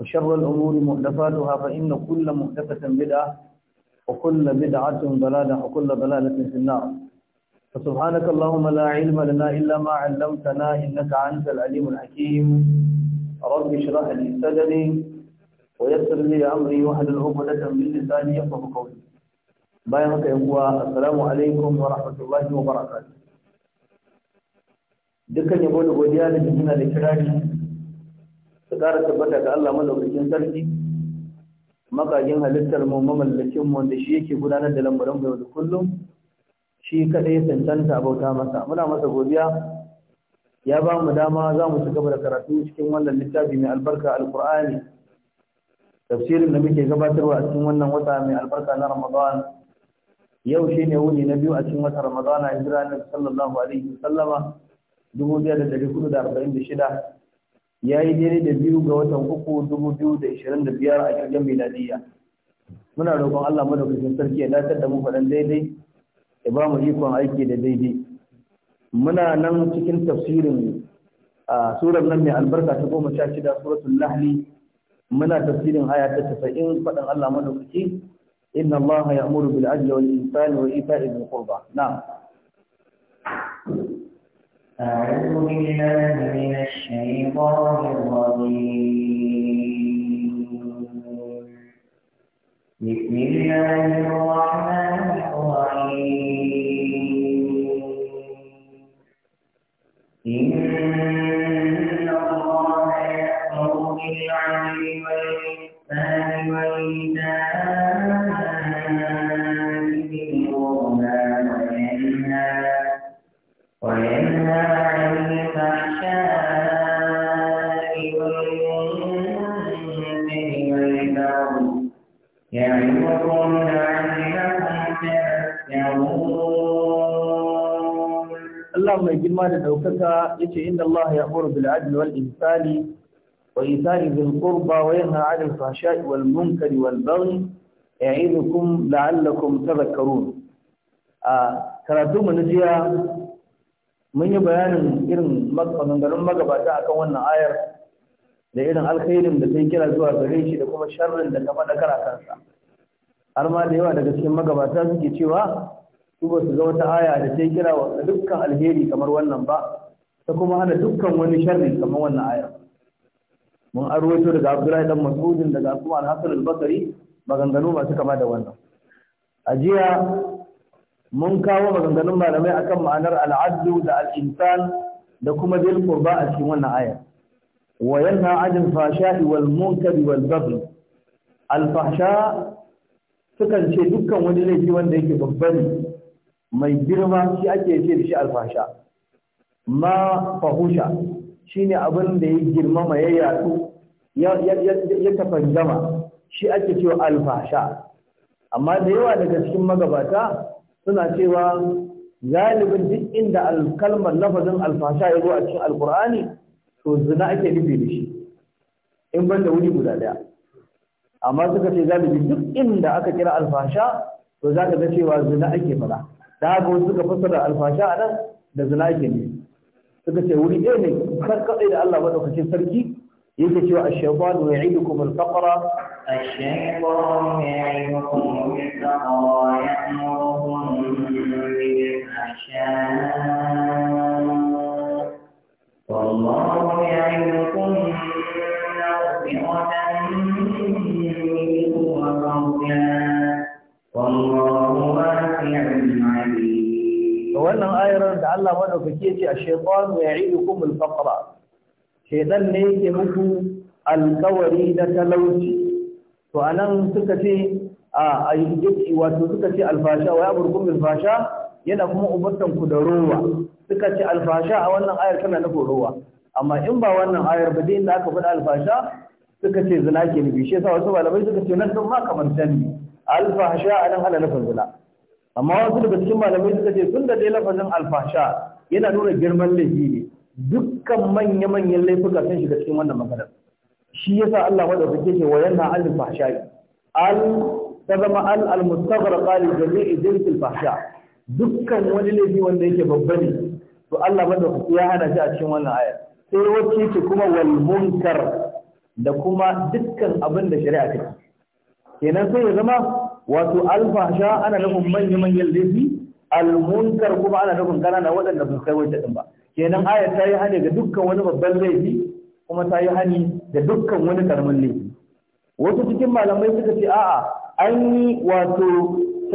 وشر الأمور مهدفاتها فإن كل مهدفة بدعة وكل بدعة ضلالة وكل ضلالة في النار فسبحانك اللهم لا علم لنا إلا ما علمتنا إنك أنت العليم الحكيم رب اشرح لي صدري ويسر لي أمري وحد العقدة من لساني يفقه قولي بارك haka yan uwa عليكم ورحمة الله وبركاته. wa barakatuh dukkan yabo su ƙara tabbata ga Allah madaukakin sarki makajin halittar mu mamallakin mu wanda shi yake gudanar da lambaran mu da kullum shi kadai ya tantanta abota masa muna masa godiya ya ba mu dama za mu ci gaba da karatu cikin wannan littafi mai albarka alqur'ani tafsirin da muke gabatarwa a cikin wannan wata mai albarka na ramadan yau shi ne wuni na biyu a cikin wata ramadan hijira na sallallahu alaihi wasallama 1446 ya yi daidai da biyu ga watan uku dubu biyu da ishirin da biyar a kirgin miladiyya muna roƙon Allah madaukakin sarki ya datar da mu faɗan daidai ya ba mu ikon aiki da daidai muna nan cikin tafsirin a surar nan mai albarka ta goma sha shida suratul lahli muna tafsirin aya ta tasa'in faɗin Allah madaukaki inna Allah ya bil adli wal insani wa ita'i dhil qurba na'am أعوذ بالله من الشيطان الرجيم بسم الله الرحمن الرحيم إن الله يأمر بالعدل والإحسان وإيتاء Allah mai girma da ɗaukaka yace inda Allah ya amuru bil adl wal ihsani wa ita'i dhil qurba wa yanha 'anil fahsha'i wal munkari wal baghi ya'idukum la'allakum tadhakkarun a karatu mu na jiya mun yi bayanin irin maganganun magabata akan wannan ayar da irin alkhairin da ta kira zuwa gare shi da kuma sharrin da ta faɗa a kansa har ma da yawa daga cikin magabata suke cewa su ba su ga wata aya da sai kira wa dukkan alheri kamar wannan ba ta kuma hana dukkan wani sharri kamar wannan aya. mun arwato daga Abdullahi dan Mas'udin daga kuma Al-Hasan al-Basri maganganu masu kama da wannan a jiya mun kawo maganganun malamai akan ma'anar al'adu da al'insan da kuma bil qurba a cikin wannan aya wa yanha 'anil fahsha'i wal munkari wal baghi al fahsha sukan ce dukkan wani laifi wanda yake babba mai girma shi ake ce da shi alfasha ma fahusha shine abin da ya girma ya yatsu ya tafanjama shi ake cewa alfasha amma da yawa daga cikin magabata suna cewa galibin duk inda kalmar lafazin alfasha ya zo a cikin alkur'ani to zina ake nufi da shi in ban da wuri guda daya amma suka ce galibi duk inda aka kira alfasha to za ka ga cewa zina ake fara da haka wasu suka fassara alfasha anan da zina ne suka ce wuri dai ne kan kaɗai da Allah maɗaukacin sarki yake cewa ash-shaytan yu'idukum al-faqra ash-shaytan يعظكم مغفرة منه wannan ayar da Allah madaukake ce ash-shaytanu ya'idukum al-faqra shaytan ne yake muku alƙawari na talauci to nan suka ce a ayyuki wato suka ce alfasha wa ya bil fasha yana kuma umurtan ku da rowa suka ce alfasha a wannan ayar tana nufin rowa amma in ba wannan ayar ba dai inda aka faɗa alfasha suka ce zina ke nufi shi yasa wasu malamai suka ce nan din ma kamar tanni alfasha anan ana nufin zina amma wasu daga cikin malamai suka ce tun da dai lafazin alfasha yana nuna girman laifi ne dukkan manya-manyan laifuka sun shiga cikin wannan magana shi yasa Allah suke ce wa yana al fahsha al ta zama al al mustaghraqa li jami'i al fahsha dukkan wani laifi wanda yake babba ne to Allah madaukake ya hana shi a cikin wannan aya sai wacce ce kuma wal munkar da kuma dukkan abin da shari'a take kenan sai ya zama wato alfasha ana nufin manyan manyan laifi almunkar kuma ana nufin kanana waɗanda ba kai wata din ba kenan ayat ta yi hani ga dukkan wani babban laifi kuma ta yi hani da dukkan wani ƙaramin laifi wasu cikin malamai suka ce a'a an yi wato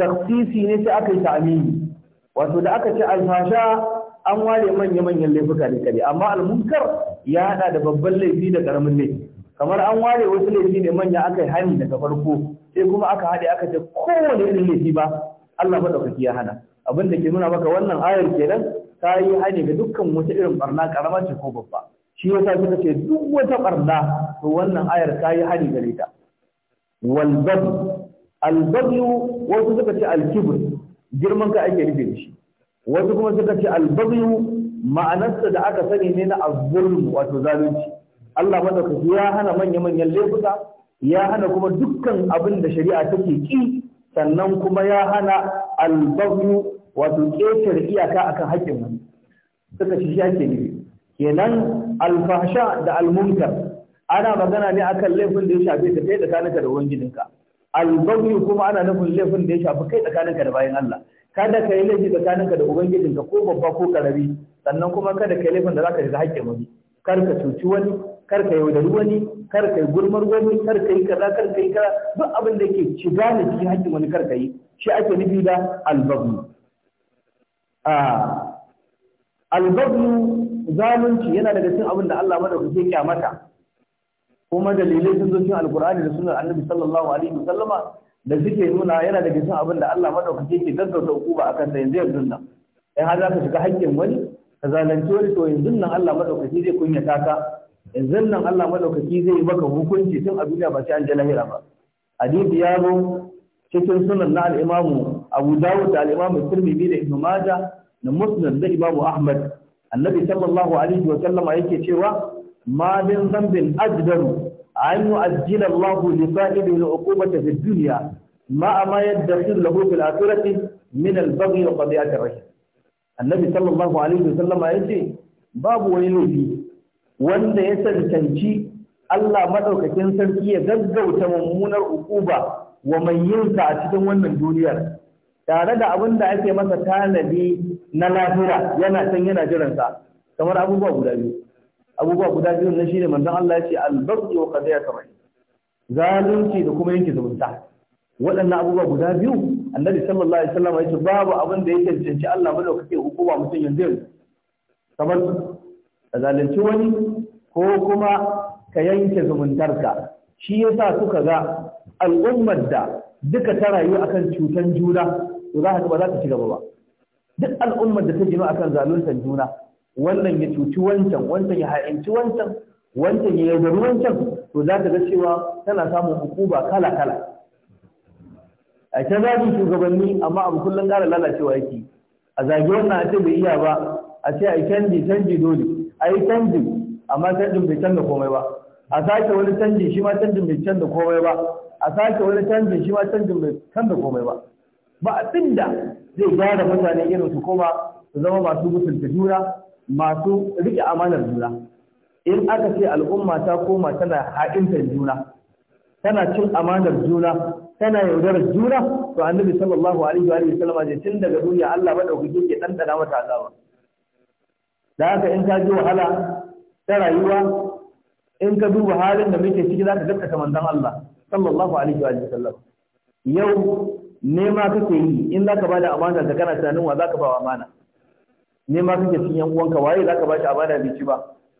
taksisi ne sai aka yi amini. wato da aka ce alfasha an ware manya-manyan laifuka ne kare amma almunkar ya haɗa da babban laifi da ƙaramin laifi kamar an ware wasu laifi ne manya aka yi hani daga farko sai kuma aka haɗe aka ce kowane irin laifi ba Allah madaukaki ya hana abin da ke nuna maka wannan ayar kenan ta yi hani ga dukkan wata irin barna ƙarama ce ko babba shi yasa suka ce duk wata barna to wannan ayar ta yi hani gare ta wal bagh wasu suka ce alkibir girman ka ake nufin da shi wasu kuma suka ce al ma'anarsa da aka sani ne na az wato zalunci Allah madaukaki ya hana manya-manyan laifuka ya hana kuma dukkan abin da shari'a take ki sannan kuma ya hana albabu wato ƙetar iyaka akan haƙƙin wani suka shi ke ne kenan alfahsha da almunkar ana magana ne akan laifin da ya shafe ka kai tsakaninka da ubangijinka albabu kuma ana nufin laifin da ya shafi kai tsakaninka da bayan Allah kada ka yi laifi tsakaninka da ubangijinka ko babba ko karami sannan kuma kada ka yi laifin da zaka shiga haƙƙin wani kar ka cuci wani kar ka yaudari wani kar ka gurmar wani kar ka yi kaza kar ka yi kaza duk abin da ke shiga da cikin haƙƙin wani kar ka yi shi ake nufi da albabnu a albabnu zalunci yana daga cikin abin da Allah madaukake kyamata kuma dalilai sun zo cikin alkur'ani da sunan annabi sallallahu alaihi wasallama da suke nuna yana daga cikin abin da Allah madaukake ke gaggauta hukuma akan sa yanzu yanzu nan in har za ka shiga haƙƙin wani ka zalunci wani to yanzu nan Allah madaukake zai kunyata ka yanzu nan Allah madaukaki zai yi maka hukunci tun a duniya ba sai an je lahira ba hadisi ya zo cikin sunan na al'imamu Abu Dawud da al-Imam Tirmidhi da Ibn Majah da Muslim da Imam Ahmad annabi sallallahu alaihi wa sallama yake cewa ma min zambin ajdaru an yu'ajjila Allahu li sa'ibi al-uqubata fi dunya ma ma yadkhil lahu fil akhirati min al-baghi wa qadiyat ar-rahim annabi sallallahu alaihi wa sallama yace babu wani laifi wanda ya cancanci Allah madaukakin sarki ya gaggauta mummunar ukuba wa mai yinka a cikin wannan duniyar tare da abin da ake masa tanadi na lahira yana san yana jiransa kamar abubuwa guda biyu abubuwa guda biyu na shine manzon Allah ya ce al-baghy wa qadiyatu rahim zalunci da kuma yanke zumunta waɗannan abubuwa guda biyu annabi sallallahu alaihi wasallam ya ce babu abin da ya cancanci Allah madaukake hukuma mutum yanzu kamar ka zalunci wani ko kuma ka yanke zumuntarka shi yasa suka ga al'ummar da duka ta rayu akan cutan juna to za ka ba za ta ci gaba ba duk al'ummar da ta gino akan zaluntar juna wannan ya cuci wancan wancan ya ha'inci wancan wancan ya yaudari wancan to za ka ga cewa tana samun hukuma kala kala a ta zagi shugabanni amma abu kullum ƙara lalacewa yake a zagi wannan a ce bai iya ba a ce a canji canji dole a yi canji amma canjin bai canza komai ba a sake wani canji shi ma canjin bai canza komai ba a sake wani canji shi ma canjin bai canza komai ba ba a da zai gyara mutane irin su koma su zama masu mutunta juna masu riƙe amanar juna in aka ce al'umma ta koma tana haƙintar juna tana cin amanar juna tana yaudarar juna to annabi sallallahu alaihi wa sallam tun daga duniya Allah madaukake ke dandana mata azaba da haka in ka ji wahala ta rayuwa in ka duba halin da muke ciki za ka gaskata manzon Allah sallallahu alaihi wa sallam yau nema kake yi in za ka bada amana da kana tunanin wa za ka ba amana nema kake cikin yan uwanka waye za ka ba shi amana bai ci ba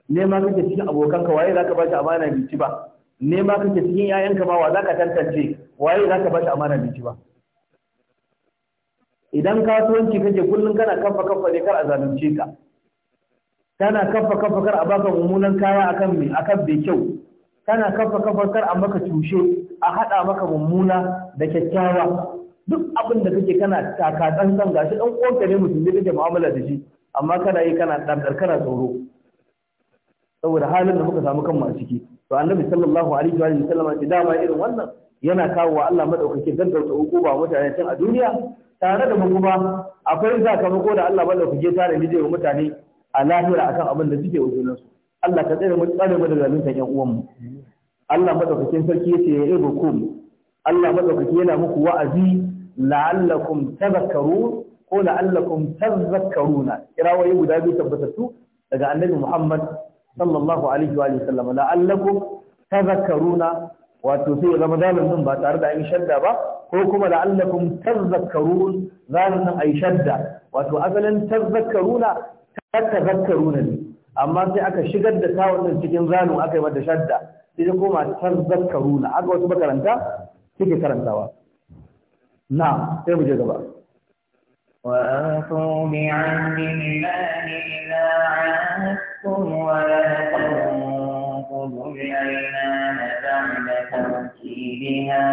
nema kake cikin abokanka waye za ka ba shi amana bai ci ba nema kake cikin yayanka ma wa za ka tantance waye za ka ba shi amana bai ci ba idan kasuwanci kake kullum kana kafa kafa ne kar a zalunce ka kana kafa kafa kar a baka mummunan kaya akan me akan bai kyau kana kafa kafa kar a maka cushe a hada maka mummuna da kyakkyawa duk abin da kake kana taka dan gashi dan uwanka ne musulmi kake mu'amala da shi amma kana yi kana ɗanɗar kana tsoro saboda halin da muka samu kanmu a ciki to annabi sallallahu alaihi wa sallam ce dama irin wannan yana kawo wa Allah madaukake gaggauta hukuma mutane tun a duniya tare da mu kuma akwai sakamako da Allah madaukake tare da mutane a lahira akan abin da suke wajen su Allah ka tsare mu tsare mu daga zalunta ƴan uwan mu Allah madaukakin sarki yace ya rabu ku Allah madaukaki yana muku wa'azi la'allakum tadhakkarun ko la'allakum tadhakkaruna kirawaye guda biyu tabbatattu daga annabi Muhammad sallallahu alaihi wa sallam la'allakum tadhakkaruna wato sai zama zalun din ba tare da an shadda ba ko kuma la'allakum tadhakkarun zalun nan ai shadda wato asalin tadhakkaruna runa ne amma sai aka shigar da tawon din cikin zanu aka yi mata shadda sai ta koma runa. aka wasu makaranta suke karantawa na sai mu je gaba وآتوا بعهد الله إذا عاهدتم ولا تنقضوا الأيمان بعد توكيدها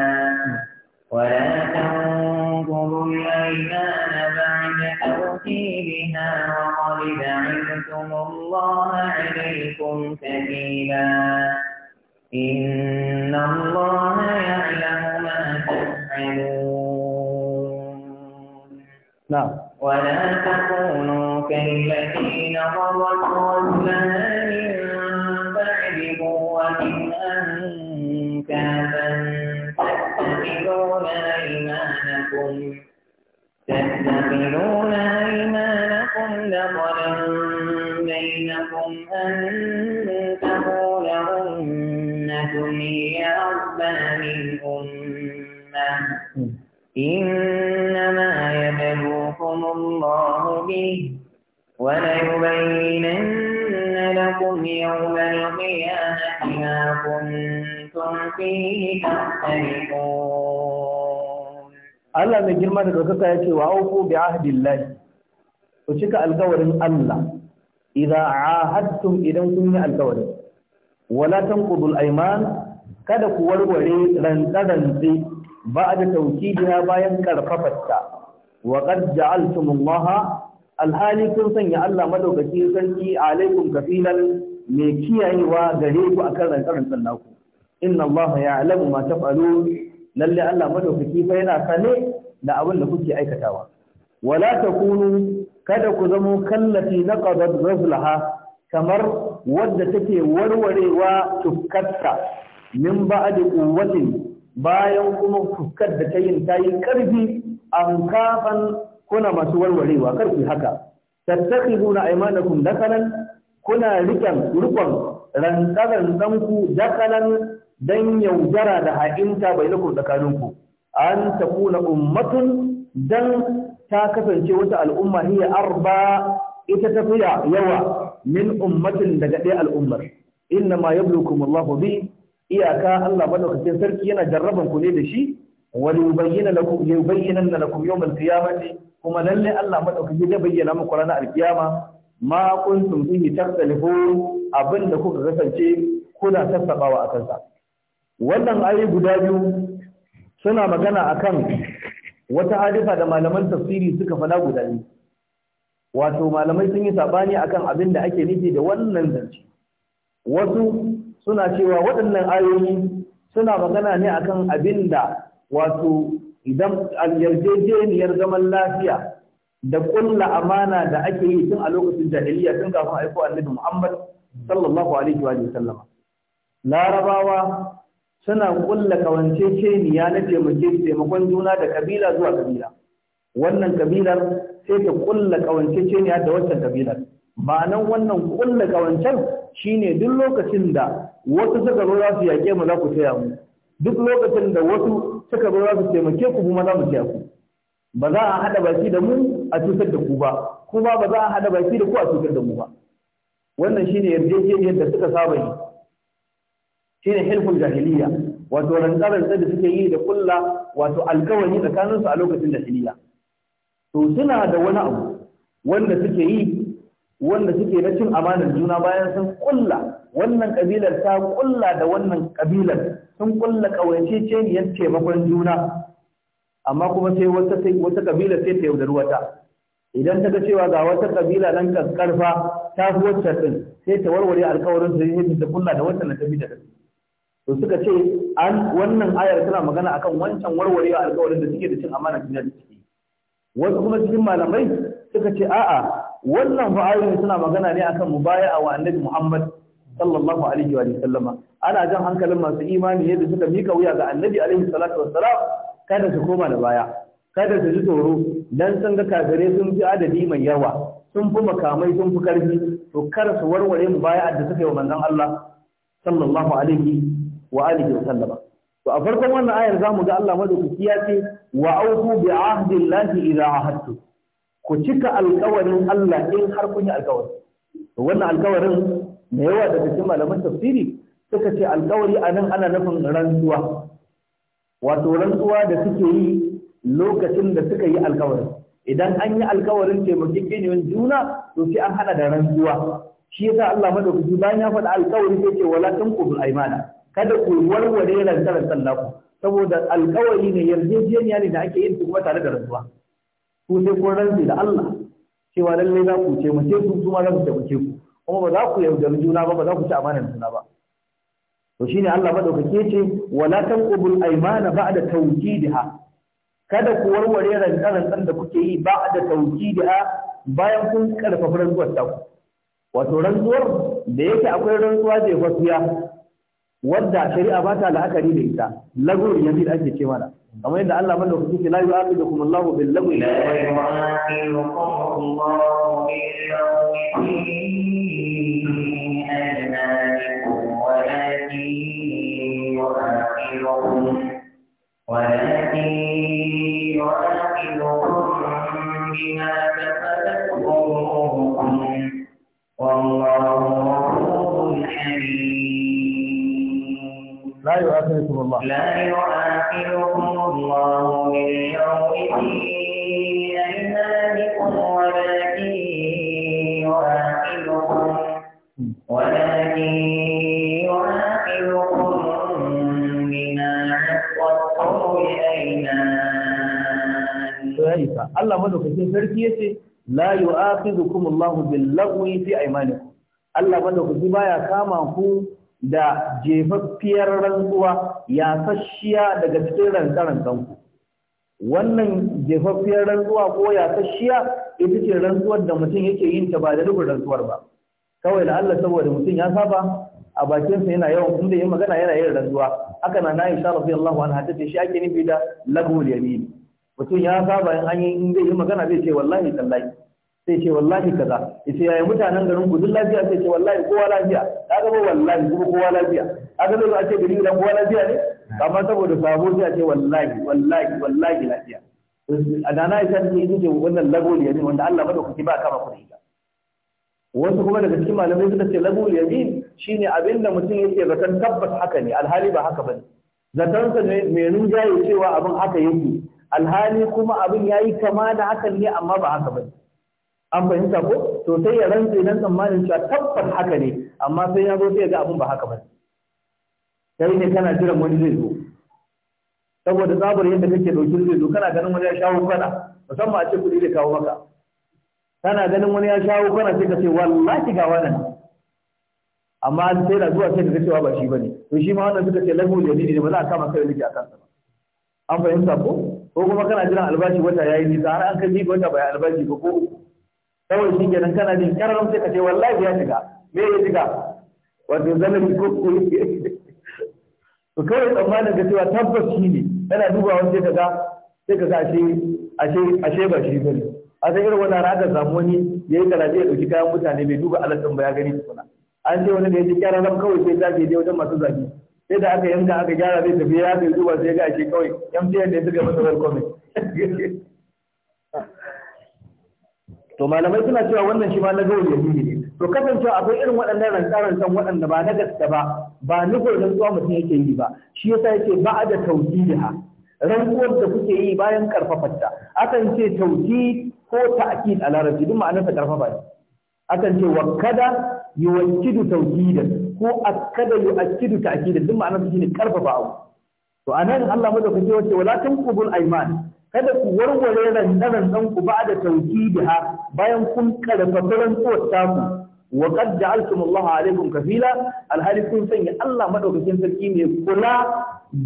ولا تنقضوا الأيمان بعد توكيدها فيها وقد جعلتم الله عليكم سبيلا إن الله يعلم ما تفعلون نعم ولا تكونوا كالتي نظرت رسلها من بعد قوة أنكابا تتخذون أيمانكم تحتملون أيمانكم لطلا بينكم أن تقول أمة هي أربى من أمة إنما يبلوكم الله به وليبينن لكم يوم القيامة ما كنتم فيه تختلفون Allah mai girma da ɗaukaka ya ce wa auku bi ahdillahi ku cika alkawarin Allah idza ahadtum idan kun yi alkawari wala tanqudul ayman kada ku warware rantsarantsi ba da taukidiya bayan karfafarta wa qad ja'altumullaha alhali kun sanya Allah madaukaki sarki alaikum kafilan mai kiyayewa gare ku akan rantsarantsan naku inna Allah ya'lamu ma taf'alun lalle Allah madaukaki fa yana sane da abin da kuke aikatawa wala takunu kada ku zamo kallati naqadat ghazlaha kamar wadda take warwarewa tufkatta min ba'di quwwatin bayan kuma tukkar da ta yin ta yi karfi an kafan kuna masu warwarewa karfi haka tattakhiduna aymanakum dakalan kuna rikan rukun rantsaran danku dakalan dan yaudara da ha'inta bai lukur tsakaninku an takuna ummatun dan ta kasance wata al'umma hiya arba ita tafiya yawa min ummatin daga ɗaya al'ummar inna ma yablukum Allahu bi iyaka Allah madaukakin sarki yana jarraban ku ne da shi wa yubayyana lakum yubayyana lakum yawm al-qiyamati kuma lalle Allah madaukakin ya bayyana muku ranar al-qiyama ma kuntum fihi takhtalifun abinda kuka kasance kuna sassabawa akan sa wannan ayi guda biyu suna magana akan wata hadisa da malaman tafsiri suka fada guda biyu wato malamai sun yi sabani akan abin da ake nufi da wannan zance wasu suna cewa waɗannan ayoyi suna magana ne akan abin da wato idan yarjejeniyar zaman lafiya da kulla amana da ake yi tun a lokacin jahiliya tun kafin aiko annabi Muhammad sallallahu alaihi wa sallama larabawa suna kulla kawanceceniya na taimake taimakon juna da kabila zuwa kabila wannan kabilar sai ta kulla kawanceceniya da waccan kabilar ma'anan wannan kulla kawancen shine duk lokacin da wasu suka zo za su yaƙe mu za ku taya mu duk lokacin da wasu suka zo za su taimake ku kuma za mu taya ku ba za a haɗa baki da mu a cutar da ku ba kuma ba za a haɗa baki da ku a cutar da mu ba wannan shine yarjejeniyar da suka saba yi shine hilful jahiliya wato rantsarar da suke yi da kulla wato alkawari tsakaninsu a lokacin jahiliya to suna da wani abu wanda suke yi wanda suke na cin amanar juna bayan sun kulla wannan kabilar ta kulla da wannan kabilar sun kulla kawance ce taimakon juna amma kuma sai wata wata kabila sai ta yaudar wata idan ta ga cewa ga wata kabila nan karfa ta fi wacce din sai ta warware alkawarin su sai ta kulla da wata na kabila to suka ce an wannan ayar tana magana akan wancan warwarewa alƙawarin da suke da cin amana na da suke wasu kuma cikin malamai suka ce a'a wannan ayoyin suna magana ne akan mubaya'a wa annabi Muhammad sallallahu alaihi wa sallama ana jan hankalin masu imani yadda suka mika wuya ga annabi alaihi salatu wassalam kada su koma da baya kada su ji tsoro dan sun ga kafirai sun fi adadi mai yawa sun fi makamai sun fi ƙarfi to kar su warware mu baya da suka yi wa manzon Allah sallallahu alaihi wa alihi wa sallama to a farkon wannan ayar zamu ga Allah madaukaki ya ce wa aufu bi ahdillahi idza ahadtu ku cika alƙawarin Allah in har kun yi alƙawari wannan alƙawarin da yawa daga cikin malaman tafsiri suka ce alƙawari anan ana nufin rantsuwa wato rantsuwa da suke yi lokacin da suka yi alƙawarin idan an yi alƙawarin taimakekeniyar juna to sai an hana da rantsuwa shi yasa Allah madaukaki bayan ya faɗa alƙawari sai ce wala tanqudul aymana kada ku warware rantsar naku saboda alkawari ne yarjejeniya ne da ake yin su kuma tare da rantsuwa ku sai kun rantsi da Allah cewa lallai za ku ce mace ku kuma za ku ce ku kuma ba za ku yaudari juna ba ba za ku ci amanar juna ba to shine Allah madaukake ce wala tanqubul aymana ba'da tawkidha kada ku warware rantsan da kuke yi ba'da tawkidha bayan kun karfafa rantsuwar ta wato rantsuwar da yake akwai rantsuwa da fasiya wadda shari'a ba ta la'akari da ita lagori yanzu da ake ce mana kamar yadda Allah madaukaki ce la yu'aqidukum Allahu bil lagwi la yu'aqidukum Allah madaukakin sarki yace la yu'akhidukum Allahu bil lagwi fi aymanikum Allah madaukaki baya kama ku da jefaffiyar rantsuwa ya sashiya daga cikin rantsarantan kanku. wannan jefaffiyar rantsuwa ko ya sashiya ita ce rantsuwar da mutum yake yin ta ba da rubin rantsuwar ba kawai da Allah saboda mutum ya saba a bakin sa yana yawan inda yin magana yana yin rantsuwa haka na Aisha radiyallahu anha tace shi ake nufi da lagwul yamin mutum ya saba in hanyar in zai yi magana zai ce wallahi tallahi sai ce wallahi kaza ya ce yayi mutanen garin ku duk lafiya sai ce wallahi kowa lafiya ka ga ba wallahi kuma kowa lafiya ka ga zai ce gari idan kowa lafiya ne amma saboda sabo sai a ce wallahi wallahi wallahi lafiya a dana ya san ni ce wannan lagol ne wanda Allah madaukaki ba kama ku da wasu kuma daga cikin malamai suka ce lagol shi shine abinda mutum yake zaton tabbas haka ne alhali ba haka ba Zaton sa ne mai jaye cewa abin haka yake alhali kuma abin ya yi kama da hakan ne amma ba haka ba an fahimta ko to sai ya rantse nan tsammanin cewa tabbas haka ne amma sai ya zo sai ya ga abin ba haka ba Sai ne kana jiran wani zai zo saboda tsabar yadda kake dauki zai zo kana ganin wani ya shawo kana musamman a ce kuɗi da kawo maka kana ganin wani ya shawo kana sai ka ce wallahi ga wannan amma sai da zuwa sai ka ga cewa ba shi bane to shi ma wannan suka ce lahu dalili ne ba za a kama kai liki akan sa an fahimta ko ko kuma kana jiran albashi wata yayi nisa har an kai bi wata bai albashi ba ko kawai shi kenan kana jin karamin sai ka ce wallahi ya shiga me ya shiga wato zalimi ko ko to kawai tsammanin ga cewa tabbas shi ne yana wani sai ka ga sai ka ga ashe ashe ashe ba shi bane a sai irin wannan raka samu wani yayi karatu ya dauki kayan mutane bai duba alaƙin ba ya gani tukuna an ce wani da ya ji kararam kawai sai ta je wajen masu zagi sai da aka yanka aka gyara zai tafi ya zai zuba sai ga shi kawai fiye ne suka masa welcome to malamai suna cewa wannan shi ma na gawar yanzu ne to kasancewa akwai irin waɗannan san waɗanda ba na gaske ba ba ni nufin rantsuwa mutum yake yi ba shi yasa yake ba da da rantsuwar da kuke yi bayan karfafarta akan ce tausi ko ta'kid a larabci duk ma'anar ta karfafa ne akan ce wakkada yuwakkidu tawkidan ko akkada yu'akkidu ta'kidan duk ma'anar shi ne karfafa abu to anan Allah madaukake wace wala tanqubul aiman kada ku warware randaran dan ku ba da tawkidiha bayan kun karfafa rantsuwar taku wa qad ja'altum Allah alaikum kafila alhali kun sanya Allah madaukakin sarki ne kula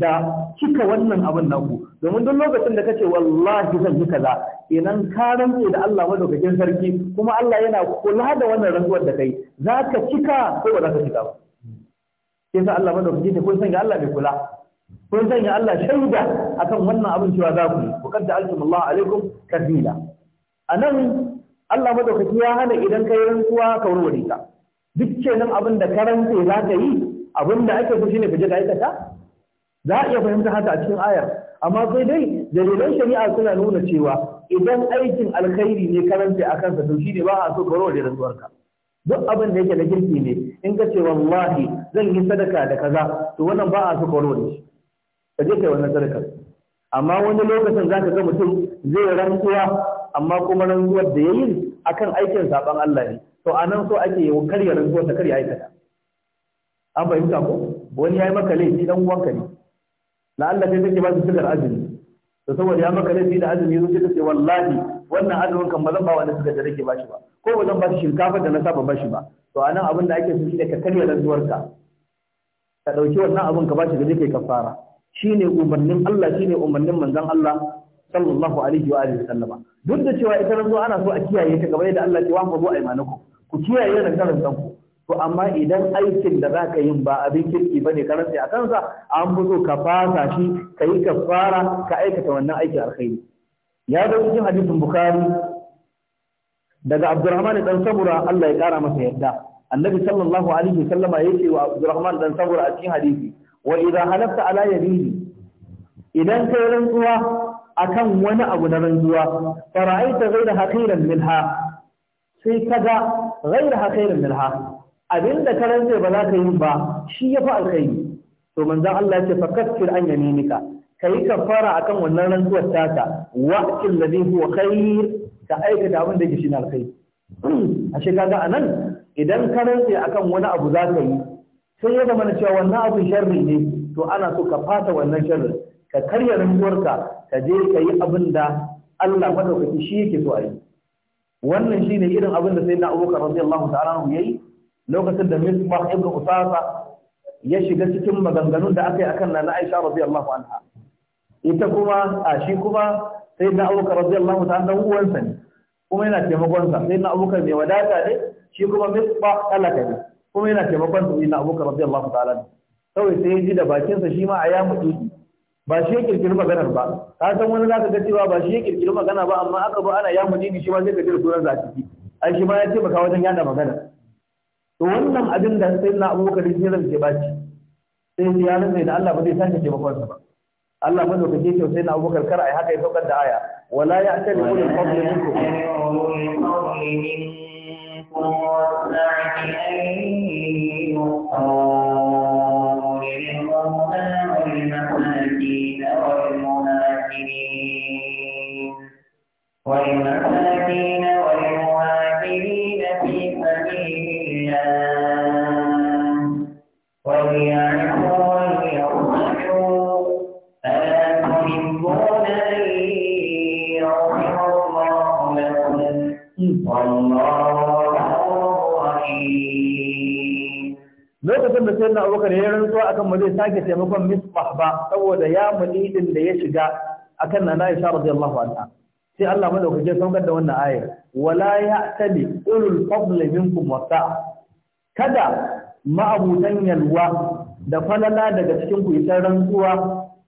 da cika wannan abin naku domin duk lokacin da kace wallahi zan yi kaza idan ka rantse da Allah madaukakin sarki kuma Allah yana kula da wannan rantsuwar da kai zaka cika ko ba za ka cika ba yasa Allah madaukaki ce kun sanya Allah bai kula kun sanya Allah shaida akan wannan abin cewa za ku yi ku kadda alhamdulillah alaikum kabila anan Allah madaukaki ya hana idan yi rantsuwa ka warware ka duk kenan abin da karanta za ka yi abin da ake so shine ka je ka aikata za a iya fahimta haka a cikin ayar amma sai dai dalilan shari'a suna nuna cewa idan aikin alkhairi ne karanta a kansa, to shine ba a so ka warware rantsuwarka duk abin da yake na girki ne in ka ce wallahi zan yi sadaka da kaza to wannan ba a su koro da shi ka je kai wannan sadaka. amma wani lokacin za ka ga mutum zai rantsuwa amma kuma rantsuwar da yayin akan aikin saban Allah ne to a nan so ake karya rantsuwa ta karya aikata an fahimta ko wani yayi maka laifi dan uwanka ne la'alla kai kake ba su sirrin azumi to saboda ya maka laifi da azumi zai sai ka ce wallahi wannan azumin kan ba zan ba wanda suka da rage bashi ba ko ba zan ba shi shinkafa da na saba bashi ba to a nan abin da ake so shine ka karya rantsuwarka ka ɗauki wannan abin ka bashi zai kai kafara shine umarnin Allah shine umarnin manzon Allah sallallahu alaihi wa alihi sallama duk da cewa ita rantsuwa ana so a kiyaye ta gaba da Allah ke wa mu aimanakum ku kiyaye rantsuwar ku to amma idan aikin da zaka yin ba abin kirki bane ka rantsa a kansa an buzo ka fasa shi ka kafara ka aikata wannan aikin alkhairi ya zo cikin hadisin bukhari daga abdurrahman dan sabura Allah ya kara masa yadda annabi sallallahu alaihi wasallama yake wa abdurrahman dan sabura a cikin hadisi wa idza halafta ala yadihi idan kai rantsuwa akan wani abu na rantsuwa fara'aita ghayra haqiran minha sai kaga ghayra haqiran minha abinda ka rantsa ba za ka yi ba shi yafi alkhairi to manzon Allah ya ce fakaffir an yaminika Ka yi kafara akan wannan rantsuwar taka waqtil ladhi huwa khair ka aikata abin da ke shi alkhairi ashe a anan idan ka a akan wani abu za ka yi sai ya zama cewa wannan abu sharri ne to ana so ka fata wannan sharrin ka karya rantsuwarka ka je ka yi abin da Allah madaukaki shi yake so a yi wannan shine irin abin da sayyidina Abubakar radiyallahu ta'ala anhu yayi lokacin da Misbah ibn Usasa ya shiga cikin maganganun da aka yi akan Nana Aisha radiyallahu anha ita kuma a shi kuma sai na abubakar radiyallahu ta'ala dan uwansa ne kuma yana taimakon sa sai na abubakar mai wadata ne shi kuma misba alaka ne kuma yana taimakon sai na abubakar radiyallahu ne. kawai sai ya ji da bakinsa shi ma a ya mutu ba shi ya kirkiri maganar ba ka san wani ka ga cewa ba shi ya kirkiri magana ba amma aka ba ana ya mutu shi ma zai ka jira sunan zaki a shi ma ya ce taimaka wajen yada magana to wannan abin da sai na abubakar ya zance ba ci sai ya rantsa da Allah ba zai sake taimakon sa ba Allah mun da kike sai na Abubakar kar ai haka ya saukar da aya wala ya'tali ulul fadli minkum والمساكين والمهاجرين في سبيل الله وليعلم sai na abubakar ya rantsuwa akan ba zai sake taimakon misbah ba saboda ya mulidin da ya shiga akan nana Aisha radiyallahu anha sai Allah madaukake saukar da wannan aya wala ya'tali ulul fadl minkum wasa kada ma'abudan yalwa da falala daga cikin ku rantsuwa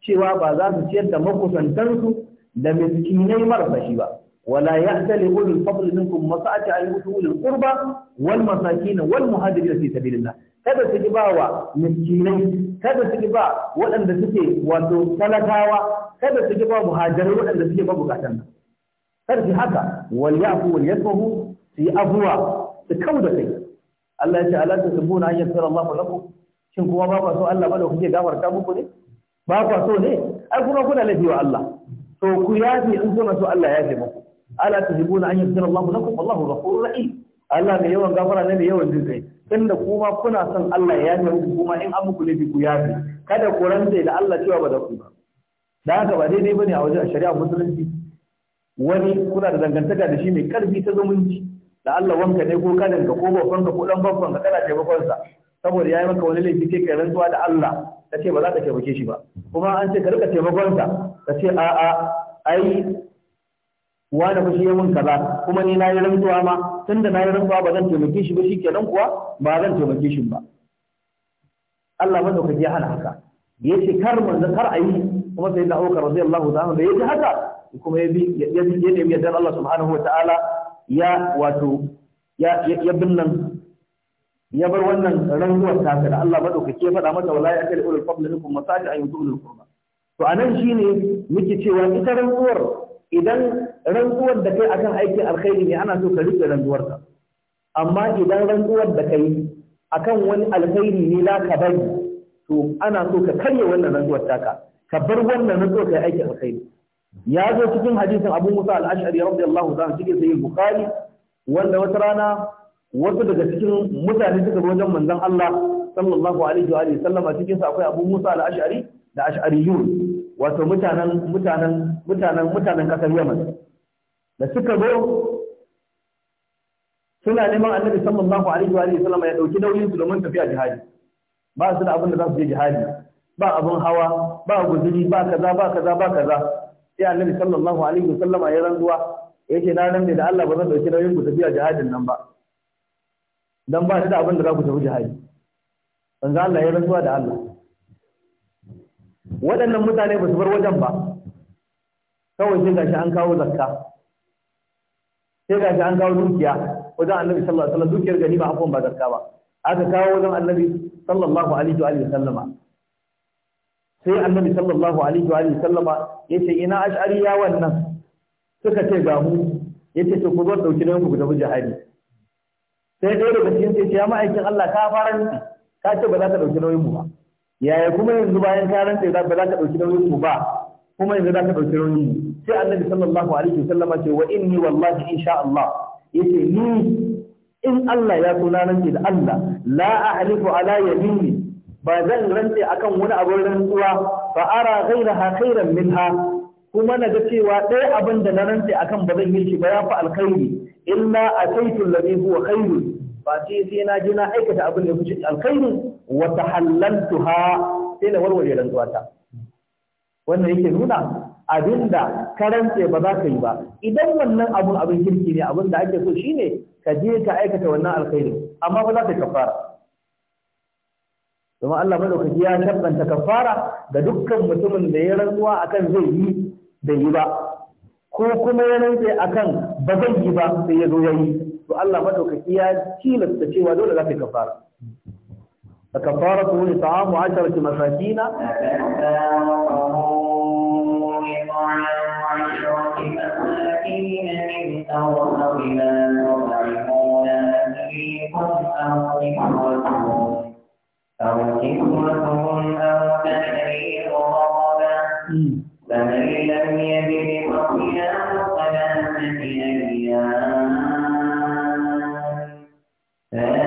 cewa ba za su ciyar da makusantansu da miskinai marasa shi ba ولا يأتل أولي الفضل منكم مساعة أن يؤتوا أولي القربى والمساكين والمهاجرين في سبيل الله kada su ki bawa miskinai kada su ki ba waɗanda suke wato talakawa kada su ki ba muhajirai waɗanda suke mabukatan nan kada su haka wal yafu wal yasfahu su yi abuwa su kau da kai Allah ya ce ala ta subu na ayyar sura Allah lakum shin kuma ba ku so Allah ba da kuke gafarta muku ne ba ku so ne ai kuma kuna laifi wa Allah to ku yafi in kuna so Allah ya yafe muku ala tuhibuna an yaghfira Allahu lakum wallahu ghafurur rahim Allah mai yawan gafara ne mai yawan jinkai tunda kuma kuna son Allah ya yi muku kuma in an muku laifi ku fi. kada ku rantsa da Allah cewa ba da ku ba dan haka ba daidai bane a wajen shari'a musulunci wani kuna da dangantaka da shi mai karfi ta zumunci da Allah wanka ne ko kanin ka ko babban ka ko dan babban ka kana taimakon sa saboda yayi maka wani laifi sai kai rantsuwa da Allah kace ba za ka taimake shi ba kuma an ce ka rika taimakon sa kace a a ai wani ba shi ya mun kaza kuma ni na yi rantsuwa ma Tun da na yi rantsuwa ba zan taimake shi ba shi kenan kuwa ba zan taimake shi ba Allah madaukaki ya hana haka ya ce kar manzo kar ayi kuma sai da Abubakar radiyallahu ta'ala da yaji haka kuma ya bi ya bi ya nemi yaddan Allah subhanahu wa ta'ala ya wato ya ya binnan ya bar wannan rantsuwar ta da Allah madaukaki ya faɗa mata wala ya akal ulul fadl minkum masaji an yutul qurba to anan shine muke cewa ita rantsuwar idan rantsuwar da kai akan aikin alkhairi ne ana so ka rike rantsuwarka amma idan rantsuwar da kai akan wani alkhairi ne za ka bari to ana so ka karya wannan rantsuwar taka ka bar wannan rantsuwar kai aikin alkhairi ya zo cikin hadisin Abu Musa al-Ash'ari radiyallahu ta'ala cikin sahih Bukhari wanda wata rana wasu daga cikin mutane suka bi wajen manzon Allah sallallahu alaihi wa alihi sallama cikin sa akwai Abu Musa al-Ash'ari da Ash'ariyun wato mutanen mutanen mutanen mutanen kasar Yaman da suka zo suna neman Annabi sallallahu alaihi wa alihi ya dauki nauyin su domin tafiya jihadi ba su da abin da za su je jihadi ba abin hawa ba guzuri ba kaza ba kaza ba kaza sai Annabi sallallahu alaihi wasallam ya rantsuwa yace na nan da Allah ba zan dauki nauyin ku tafiya jihadin nan ba dan ba shi da abin da za ku tafi jihadi manzo Allah ya ranzuwa da Allah waɗannan mutane ba su bar wajen ba kawai sai gashi an kawo zakka sai gashi an kawo dukiya wajen annabi sallallahu alaihi wasallam dukiyar gani ba afwan ba zakka ba aka kawo wajen annabi sallallahu alaihi wa sallama sai annabi sallallahu alaihi wa sallama yace ina ash'ari ya wannan suka ce ga mu yace to ku zo dauki nan ku tafi jihadi sai ɗaya daga cikin sai ya ma'aikin Allah ka fara ka ce ba za ka dauki nauyin mu ba yaya kuma yanzu bayan ka rantse za ba za ka dauki nauyin ku ba kuma yanzu za ka dauki nauyin sai annabi sallallahu alaihi wasallam ce wa inni wallahi insha Allah yace ni in Allah ya so na rantse da Allah la ahlifu ala yamini ba zan rantse akan wani abin rantsuwa fa ara ghairaha khairan minha kuma na ga cewa ɗaya abin da na rantse akan ba zan yi shi ba ya fi alkhairi illa ataitu alladhi huwa khairu ba ce sai na je na aikata abin da kuce alkhairi wa tahallantuha sai na warware rantsuwata wannan yake nuna abinda karance ba za ka yi ba idan wannan abun abin kirki ne abin da ake so shine ka je ka aikata wannan alkhairi amma ba za ka kafara domin Allah madaukaki ya tabbanta kafara ga dukkan mutumin da ya rantsuwa akan zai yi bai yi ba ko kuma ya rantsa akan ba zai yi ba sai ya zo ya yi to Allah madaukaki ya tilasta cewa dole za ka yi kafara فكفارته لطعام عشرة مساكين أو كسوتهم أو تحرير رقبة فمن لم يجد فصيام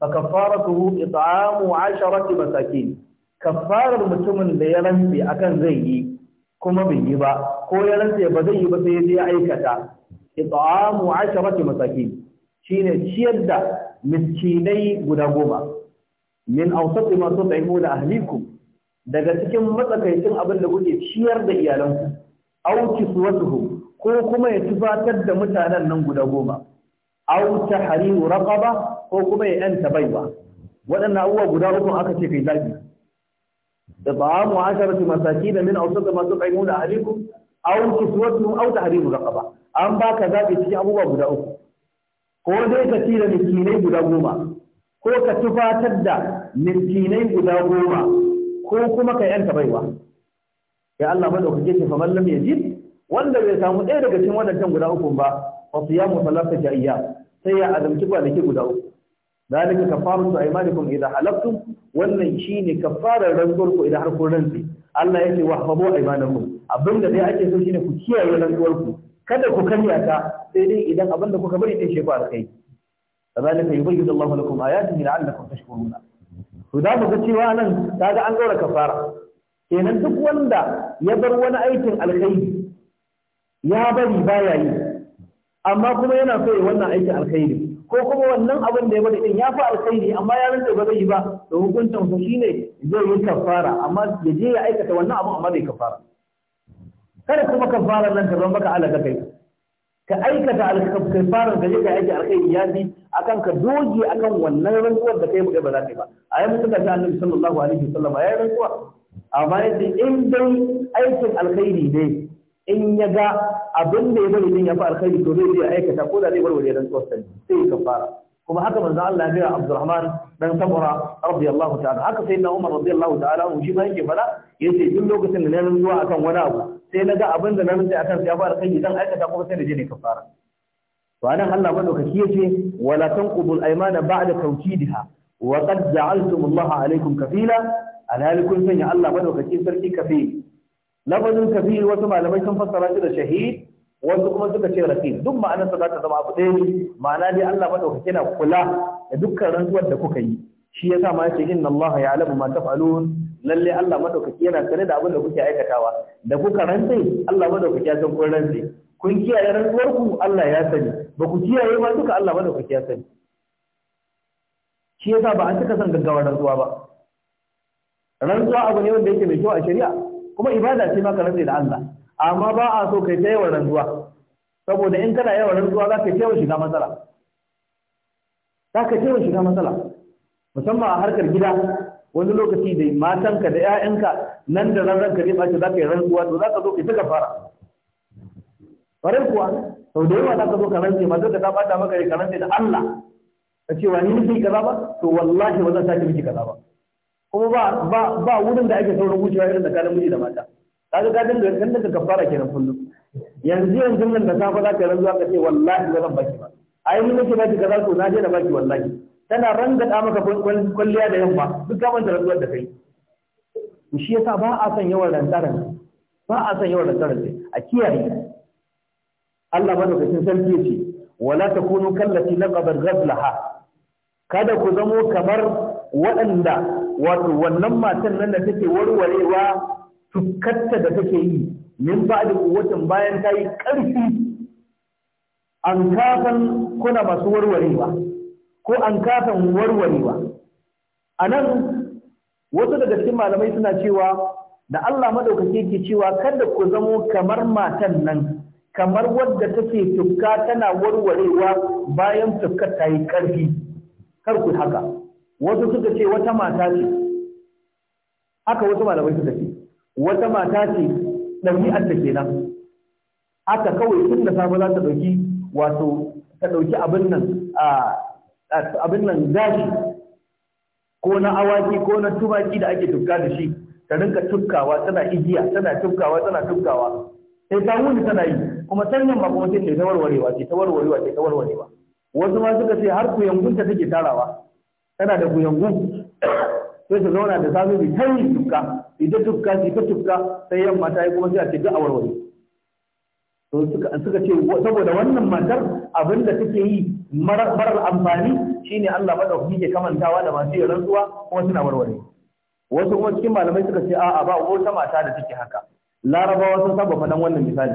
fa kafaratuhu it'amu 'asharati masakin kafarar mutumin da ya rantse akan zai yi kuma bai yi ba ko ya rantse ba zai yi ba sai ya aikata it'amu 'asharati masakin shine ciyar da miskinai guda goma min awsati ma tut'imuna ahlikum daga cikin matsakaicin abin da kuke ciyar da iyalanku aw kiswatuhum ko kuma ya tufatar da mutanen nan guda goma aw tahriru raqaba ko kuma ya yanta baiwa waɗannan abubuwa guda uku aka ce kai zabi da ba mu ta'amu asharatu masakin min awsat ma tuqimuna alaikum aw kiswatuhum aw da ƙaba. an baka zabi cikin abubuwa guda uku ko dai ka tira mintinai guda goma ko ka tufatar da mintinai guda goma ko kuma ka yanta baiwa ya Allah madaukake shi fa mallam ya ji. wanda bai samu ɗaya daga cikin waɗancan guda uku ba fa siyamu salatati ayyam sai ya azumci kwanaki guda uku zalika kafaratu aymanikum idha halaftum wannan shine kafarar rantsuwar ku idan har kun rantsi Allah yake wahfabu aymanakum abinda dai ake so shine ku kiyaye rantsuwar ku kada ku karya ta sai dai idan abinda kuka bari din shefa alkai zalika yubayyin Allahu lakum ayatihi la'allakum tashkuruna to da mu ga cewa nan kaga an gaura kafara kenan duk wanda ya bar wani aikin alkhairi ya bari baya yi amma kuma yana so ya wannan aikin alkhairi ko kuma wannan abin da ya bada ɗin ya fi alkhairi amma ya rantsa ba zai yi ba da hukuncin ku shine zai yi kafara amma ya je ya aikata wannan abin amma bai kafara kada kuma kafarar nan ta zama ka alaka kai ka aikata alkafarar da ka aiki alkhairi ya fi akan ka doge akan wannan rantsuwar da kai mu ba za ka yi ba a yi mutum da ta annabi sallallahu alaihi wasallam ya yi rantsuwa amma yace in dai aikin alkhairi ne in ya ga abin da ya bari din ya fi alkhairi to zai je aikata ko da zai bar wajen tsohon sai sai ka fara kuma haka manzo Allah ya Abdurrahman dan Samura radiyallahu ta'ala haka sai na Umar radiyallahu ta'ala shi ma yake fara yace duk lokacin da na zuwa akan wani abu sai na ga abin da na rantsa akan sai ya fara kai dan aikata kuma sai da je ne kafara to anan Allah madaukaki yace wala tanqubul aymana ba'da tawkidiha wa qad ja'altum Allah alaykum kafila alhal kun sanya Allah madaukaki sarki kafil lafazin kabir wasu malamai sun fassara shi da shahid wasu kuma suka ce rafi duk ma'anar sa za ta zama abu ɗaya ne ma'ana dai Allah madaukaki yana kula da dukkan rantsuwar da kuka yi shi yasa ma yace inna Allah ya'lamu ma taf'alun lalle Allah madaukaki yana sane da abin da kuke aikatawa da kuka rantsi Allah madaukaki ya san kun rantsi kun kiyaye rantsuwar ku Allah ya sani ba ku kiyaye ba duka Allah madaukaki ya sani shi yasa ba an cika san gaggawar rantsuwa ba rantsuwa abu ne wanda yake mai kyau a shari'a kuma ibada ce ma ka rantsa da Allah amma ba a so kai ta yawan rantsuwa saboda in kana yawan rantsuwa za ka ta wa shiga matsala za ka ta wa shiga matsala musamman a harkar gida wani lokaci da matanka da 'ya'yanka nan da ran ranka zai ɓace za ka yi rantsuwa to za ka zo ka ta fara ƙwarai kuwa sau da yawa za ka zo ka rantsa ma ba ta maka ka rantsa da Allah ka ce wa ni miki kaza ba to wallahi ba zan sake miki kaza ba kuma ba ba ba wurin da ake saurin wucewa irin tsakanin miji da mata kaga ka dinga kan daga kafara kenan kullum yanzu yanzu nan da safa za ka rantsuwa ka ce wallahi ba zan baki ba ai mun nake baki kaza to na je na baki wallahi tana da maka kwalliya da yamma duk gaban da rantsuwar da kai shi yasa ba a son yawan rantsaran ba a san yawan rantsaran a kiyaye Allah madaukakin sarki ya ce wala takunu kallati laqabat ghaflaha kada ku zamo kamar waɗanda wato wannan matan nan da take warwarewa tukatta da take yi min ba da kuwatin bayan ta yi ƙarfi an kafan kuna masu warwarewa ko an kafan warwarewa a nan wasu daga cikin malamai suna cewa da Allah maɗaukaki ke cewa kada ku zamo kamar matan nan kamar wadda take tukka tana warwarewa bayan tukka ta yi ƙarfi kar ku haka wasu suka ce wata mata ce aka wasu malamai suka ce wata mata ce ɗabi'ar ta kenan aka kawai tun da safe za ta ɗauki wato ta ɗauki abin nan abin nan gashi ko na awaki ko na tumaki da ake tukka da shi ta rinka tukkawa tana igiya tana tukkawa tana tukkawa sai ta wuni tana yi kuma sanyan ba kuma sai ta warwarewa ce ta warwarewa ce ta warwarewa wasu ma suka ce har ku yankunta take tarawa tana da guyangu sai ta zauna da safe mai tayi tukka ita tukka ki ta tukka sai yamma ta yi kuma sai a ce duk a warware to suka suka ce saboda wannan matar abin da take yi marar amfani shine Allah madaukaki ke kamantawa da masu yi rantsuwa kuma suna warware wasu kuma cikin malamai suka ce a'a ba wata mata da take haka larabawa sun saba faɗan wannan misali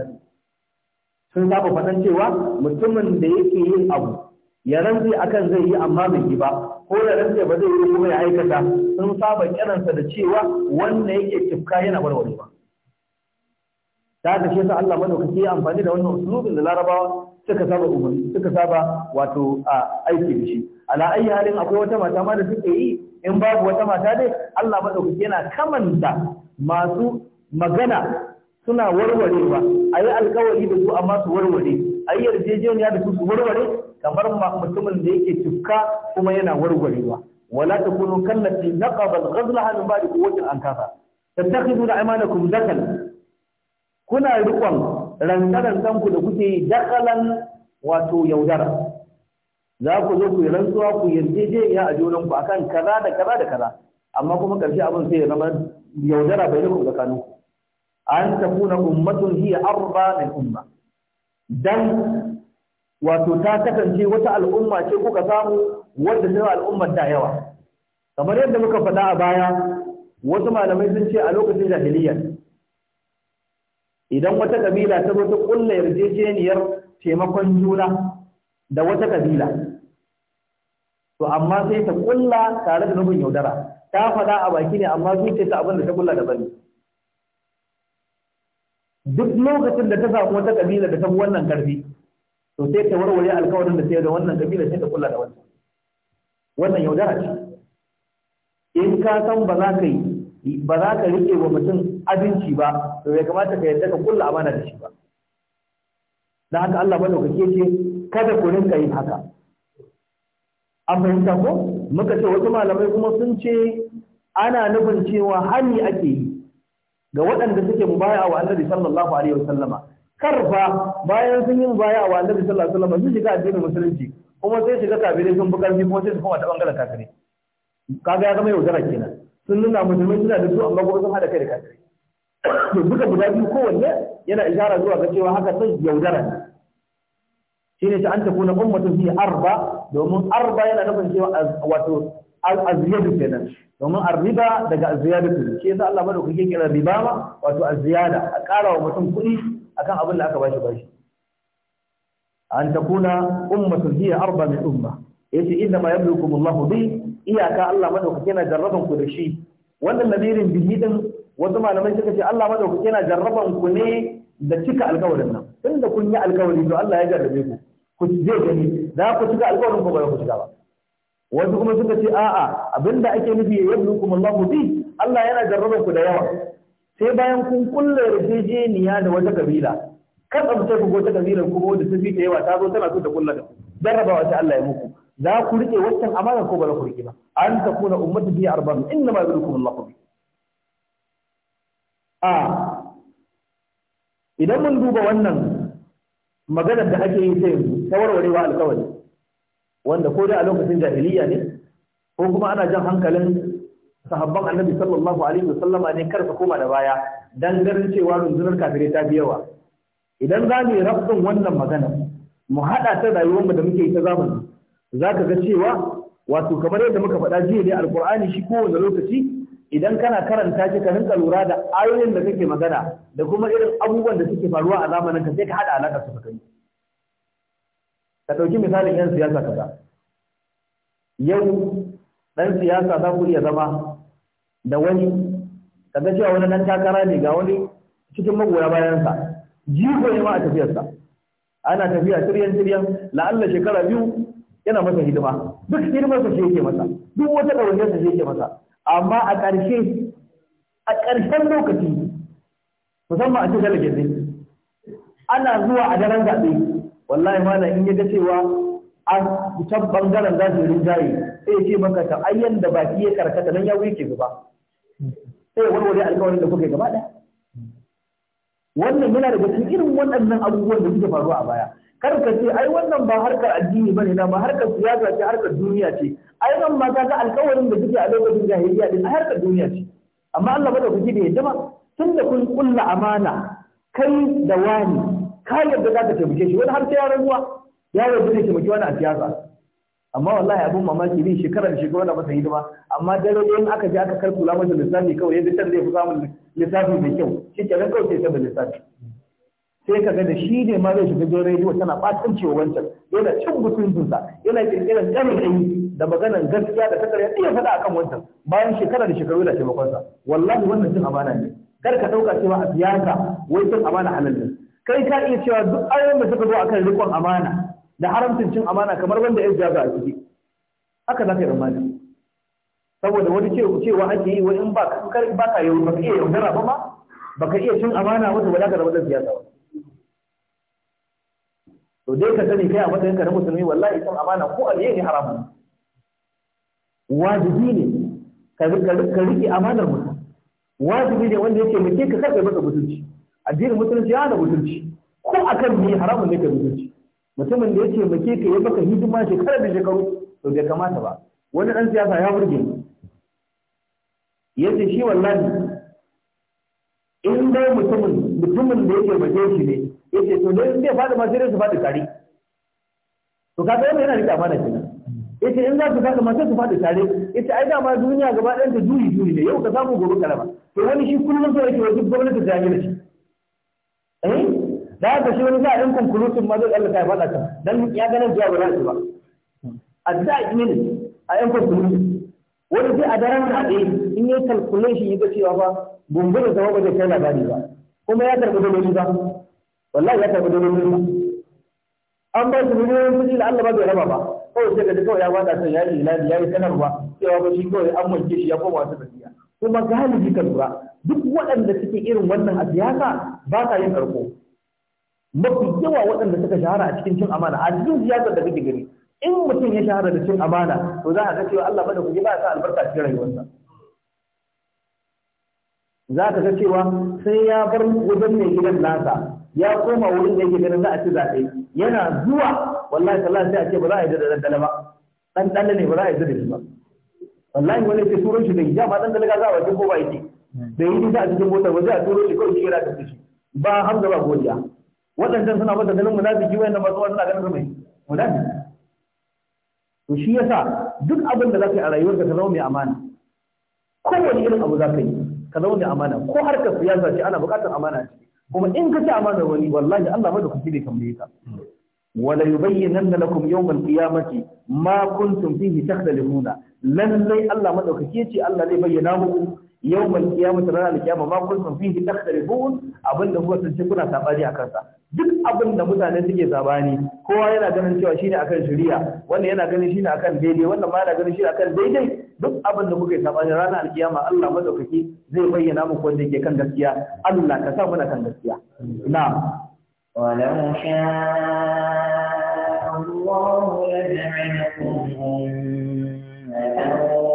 sun saba faɗan cewa mutumin da yake yin abu ya rantsi akan zai yi amma bai yi ba ko da rantsa ba zai yi kuma ya aikata sun saba kiransa da cewa wanda yake cifka yana wani ba ta haka shi yasa Allah madaukaki ya amfani da wannan usulubin da Larabawa suka saba umarni suka saba wato a aiki da shi ala ayyi halin akwai wata mata ma da suke yi in babu wata mata dai Allah madaukaki yana kamanta masu magana suna warwarewa a yi alkawari da su amma su warware a yi yarjejeniya da su su warware kamar mutumin da yake tuka kuma yana warwarewa wala takunu kallati naqaba al-ghazla min ba'di quwwatin kafa tattakhiduna aymanakum dakal kuna rikon rantsarantsan ku da kuke dakalan wato yaudara za ku zo ku rantsuwa ku ya a ku akan kaza da kaza da kaza amma kuma karshe abin sai ya zama yaudara bai da tsakaninku an takuna ummatun hiya arba min umma dan wato ta kasance wata al'umma ce kuka samu wanda ta al'ummar da yawa kamar yadda muka faɗa a baya wasu malamai sun ce a lokacin jahiliyya idan wata kabila ta zo ta kulla yarjejeniyar taimakon juna da wata kabila to amma sai ta kulla tare da nufin yaudara ta faɗa a baki ne amma ta abin da ta kulla daban duk lokacin da ta samu wata kabila da ta fi wannan karfi to sai ta warware alkawarin da sai da wannan kabila sai ta kula da wannan wannan yaudara ce in ka san ba za ka yi ba za ka rike wa mutum abinci ba to bai kamata ka yadda ka kula amana da shi ba dan haka Allah madaukake ce kada ku rinka yin haka an fahimta ko muka ce wasu malamai kuma sun ce ana nufin cewa hani ake yi ga waɗanda suke mubaya wa annabi sallallahu alaihi wasallama karfa bayan sun yi baya wa annabi sallallahu alaihi wasallam sun shiga addinin musulunci kuma sai shiga kabilin sun bukar bi kuma sai su koma ta bangaren kafirai kaga ya zama yaudara kenan sun nuna musulmai suna da su amma gobe sun hada kai da kafirai to duka guda biyu kowanne yana ishara zuwa ga cewa haka sai yaudara ne shine ta an takuna ummatu fi arba domin arba yana nufin cewa wato aziyadu kenan domin arriba daga aziyadu shi yasa Allah madaukake kira riba ma wato aziyada a kara wa mutum kuɗi akan abin da aka bashi bashi an takuna ummatun hiya arba min umma yace inna ma yablukum Allah bi iyaka Allah madaukake yana jarraban ku da shi wannan nadirin bihi din wasu malamai suka ce Allah madaukake yana jarraban ku ne da cika alƙawarin nan tunda kun yi alƙawari to Allah ya jarrabe ku ku je gani za ku cika alkawarin ku ba ku cika ba wasu kuma suka ce a'a abinda ake nufi ya yablukum Allah bi Allah yana jarraban ku da yawa sai bayan kun kulle yarjejeniya da wata kabila kar a mutai ku wata kabilar kuma wanda ta fi yawa ta zo tana so ta kulla da ku jarrabawa ta Allah ya muku za ku rike waccan amana ko ba za ku rike ba an ta kuna ummatu bi arba'in inna ma yurikum Allah bi a idan mun duba wannan maganar da ake yi sai ta warwarewa alƙawari wanda ko dai a lokacin jahiliya ne ko kuma ana jan hankalin sahabban annabi sallallahu alaihi wasallama ne kar ka koma da baya dan ganin cewa rundunar kafire ta bi yawa idan za mu yi wannan magana mu haɗa ta rayuwar mu da muke yi ta zamani za ga cewa wato kamar yadda muka faɗa jiya ne alkur'ani shi kowane lokaci idan kana karanta shi ka rinka lura da ayoyin da kake magana da kuma irin abubuwan da suke faruwa a zamanin ka sai ka hada alaƙa su kai ka ɗauki misalin 'yan siyasa kaza yau ɗan siyasa za ku iya zama da wani kaga cewa wani nan takara ne ga wani cikin magoya bayansa jiko ne ma a tafiyarsa ana tafiya tiryan tiryan la'alla shekara biyu yana masa hidima duk sa shi yake masa duk wata sa shi yake masa amma a ƙarshe a ƙarshen lokaci musamman a cikin dalilin ne ana zuwa a daren zaɓe wallahi ma in ya ga cewa an can bangaren za su rinjaye sai ya ce maka ta ayyan da baki ya karkata nan ya wuce gaba sai ya warware alƙawarin da kuka gaba ɗaya wannan yana daga cikin irin waɗannan abubuwan da suke faruwa a baya kar ka ce ai wannan ba harkar addini bane na ba harkar siyasa ce harkar duniya ce ai nan ma ka ga alƙawarin da suke a lokacin jahiliya din a harkar duniya ce amma Allah ba da kuke da yadda ba tun da kun kulla amana kai da wani ka yadda za ka taimake shi wani har sai ya ruwa ya yarda zai taimaki wani a siyasa amma wallahi abun mamaki ne shekara da shekara da masa hidima amma dare in aka je aka karkula masa lissafi kawai yadda tar zai fi samun lissafi mai kyau shi ke nan kawai sai da lissafi sai ka ga da shi ne ma zai shiga jin rediyo tana fatan cewa wancan yana cin mutuntunsa yana kirkirar ƙarfi da maganar gaskiya da takar ya iya faɗa akan wancan bayan shekara da shekaru yana taimakonsa wallahi wannan cin amana ne kar ka ɗauka cewa a siyasa wai cin amana halal kai ka iya cewa duk ayoyin da suka zo akan riƙon amana da haramcin cin amana kamar wanda ya jaba a ciki haka za ka yi tsammani saboda wani cewa ake yi wani in ba ka ba ka yi ba ka iya yaudara ba ma ba ka iya cin amana wata wadaka da wadda siyasa ba to dai ka sani kai a matsayin ka na musulmi wallahi cin amana ko ne haramun wajibi ne ka riƙe amanar mutum wajibi ne wanda yake muke ka karɓe masa mutunci addinin mutunci ya da mutunci ko akan ne haramun ne ka mutunci mutumin da ya ce muke ka yi baka hidima shekara da shekaru to bai kamata ba wani dan siyasa ya burge ni yace shi wallahi in dai mutumin mutumin da yake mace shi ne yace to dai zai fada ma sai su fada tare to ka wannan yana rika amana kenan yace in za su fada ma sai su fada tare yace ai ma duniya gaba ɗayan ta juyi juyi ne yau ka samu gobe karama to wani shi kullum sai yake wajen gwamnati ta yi shi eh da haka shi wani za a ɗin kunkulutun ma zai tsallaka ya faɗa ta, dan ya ganin jiya ba za su ba a da a yi a ɗan kunkulutun wani sai a daren haɗe in yi calculation ya ga cewa ba gumburin sama ba zai kai labari ba kuma ya karɓi daloli ba wallahi ya karɓi daloli ba an ba su miliyoyin kuɗi da Allah ba bai raba ba kawai sai ka ji kawai ya bada son ya yi ilali ya yi sanarwa cewa ba shi kawai an wanke shi ya koma wata tafiya kuma galibi ka lura duk waɗanda suke irin wannan a siyasa ba sa yin karko mafi yawa waɗanda suka shahara a cikin cin amana a cikin siyasar da kake gani in mutum ya shahara da cin amana to za a ga cewa Allah bada kuji ba sa albarka cikin rayuwarsa za ka ga cewa sai ya bar wajen mai gidan nasa ya koma wurin da yake ganin za a ci zaɓe yana zuwa wallahi sallah sai a ce ba za a yi da daddala ba dan dalle ne ba za a yi da shi ba wallahi wani ke turo shi da hijab dan dalle ga za a wajen ko ba yake da yi da a cikin motar ba zai a turo shi kawai shi yana da shi ba hamza ba godiya waɗancan suna masa ganin munafiki wayannan ba suna ganin su mai munafiki to shi yasa duk abin da za ka yi a rayuwarka ka zama mai amana kowane irin abu za ka yi ka zama mai amana ko harkar siyasa ce ana buƙatar amana ce kuma in ka ci amana wani wallahi Allah ma da kuke bai kamar ka wala yubayyinanna lakum yawmal qiyamati ma kuntum fihi takhthalifuna lallai Allah ma madaukake ce Allah zai bayyana muku yawmal qiyamati ranar alkiyama ma kuntum fihi takhtalifun abinda kuka tsinci kuna sabani akan sa duk abinda mutane suke sabani kowa yana ganin cewa shine akan shari'a wannan yana ganin shine akan daidai wannan ma yana ganin shine akan daidai duk abinda kuka yi sabani ranar alkiyama Allah madaukaki zai bayyana muku wanda yake kan gaskiya Allah ka sa muna kan gaskiya na'am ولو شاء الله لجعلكم أمة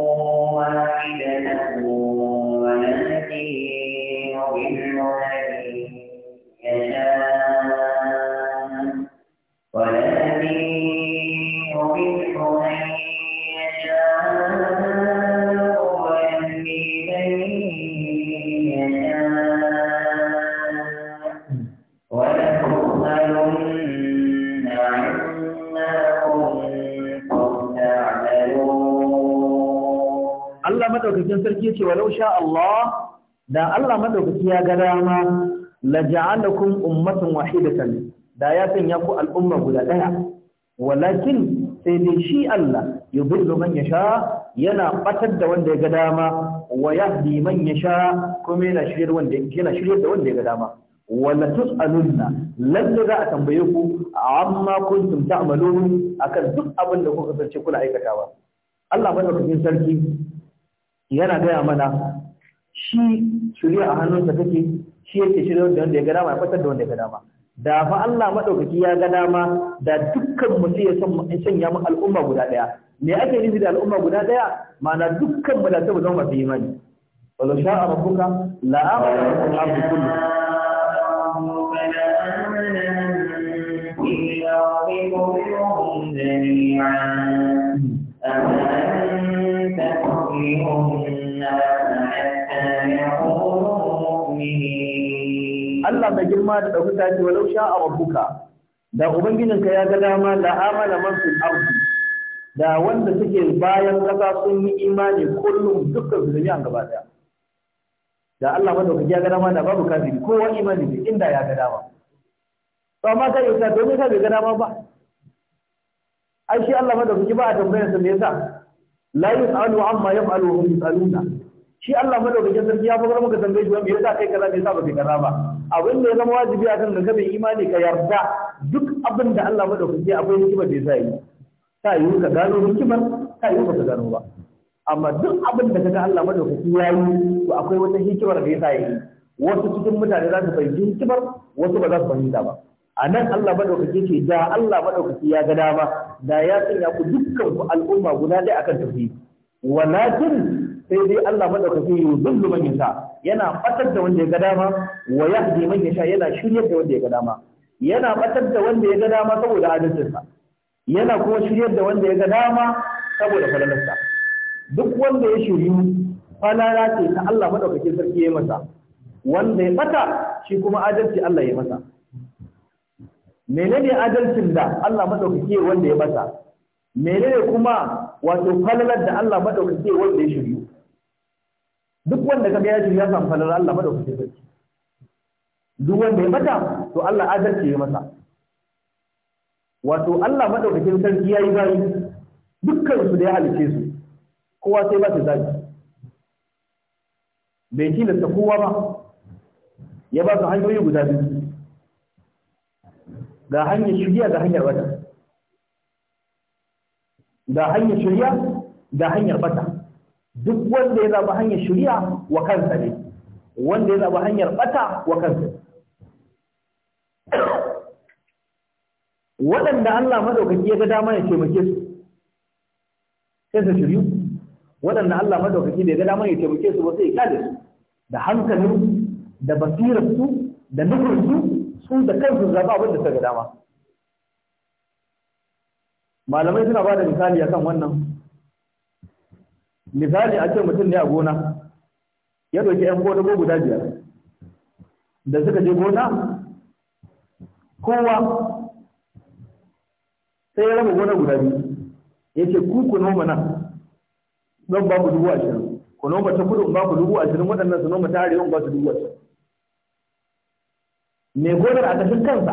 sarki ce walau sha Allah da Allah madaukaki ya ga dama la ja'alakum ummatan wahidatan da ya sanya ku al'umma guda daya walakin sai dai shi Allah yudillu man yasha yana batar da wanda ya ga dama wa yahdi man yasha kuma yana shiryar wanda yana shiryar da wanda ya ga dama wala tus'alunna lalle za a tambaye ku amma kuntum ta'malun akan duk abin da kuka sace kuna aikatawa Allah madaukakin sarki yana gaya mana shi shirya a hannunsa take shi yake shirya da wanda ya ga dama ya fatar da wanda ya ga dama da fa Allah madaukaki ya ga dama da dukkan mutum ya san sanya mu al'umma guda daya me ake nufi da al'umma guda daya ma'ana dukkan mu da ta zama masu imani walau sha'a rabbuka la amana al-ardu kullu Allah mai girma da ta ce walau sha a rabbuka da ka ya ga dama da amala man fil ardi da wanda suke bayan ƙasa sun yi imani kullum dukkan su an gaba daya da Allah madaukaki ya ga dama da babu kafiri kowa imani ne inda ya ga dama to amma kai yasa domin kai bai ga dama ba ai shi Allah madaukaki ba a tambayar sa me yasa la yusalu amma yaf'alu hum yusaluna shi Allah madaukakin sarki ya fagar maka tambaye shi me yasa kai kaza me yasa ba kai kaza ba abin da ya zama wajibi akan ka mai imani ka yarda duk abin da Allah madaukaki akwai hikimar da ya yi ta yi ka gano hikimar ta yi ka gano ba amma duk abin da kaga Allah kuke ya yi to akwai wata hikimar da ya sa yi wasu cikin mutane za su fahimci hikimar wasu ba za su fahimta ba a nan Allah madaukaki ce da Allah madaukaki ya ga dama da ya sanya ku dukkan ku al'umma guda dai akan tauhidi walakin sai dai Allah madaukaki ya zullu man yasha yana batar da wanda ya ga dama wa yahdi man yasha yana shiryar da wanda ya ga dama yana batar da wanda ya ga dama saboda adalcinsa yana kuma shiryar da wanda ya ga dama saboda falalarsa duk wanda ya shiryu falala ce ta Allah madaukaki sarki ya masa wanda ya bata shi kuma adalci Allah ya masa menene adalcin da Allah madaukaki wanda ya bata menene kuma wato falalar da Allah madaukaki wanda ya shiryu duk wanda kaga ya shirya samu falalar Allah madaukake sarki duk wanda ya bata to Allah adalci ya masa wato Allah madaukakin sarki yayi bayi dukkan su da ya halice su kowa sai ba su zabi bai tilasta kowa ba ya ba su hanyoyi guda biyu ga hanyar shirya ga hanyar wata ga hanyar shirya ga hanyar bata duk wanda ya zaba hanyar shari'a wa kansa ne wanda ya zaba hanyar bata wa kansa ne waɗanda Allah madaukaki ya ga dama ya taimake su sai su shiryu waɗanda Allah madaukaki da ya ga dama ya taimake su ba sai ya kyale su da hankalin da basirar su da nufin su su da kansu zaba abin da suka ga dama malamai suna ba da misali akan wannan misali a ce mutum ne a gona ya doke 'yan gona guda biyar da suka je gona kowa sai ya raba gona guda biyu ya ce ku ku noma nan don ba ku dubu ashirin ku noma ta kudu ba ku dubu ashirin waɗannan su noma ta arewa in ba su dubu ashirin mai gonar a gashin kansa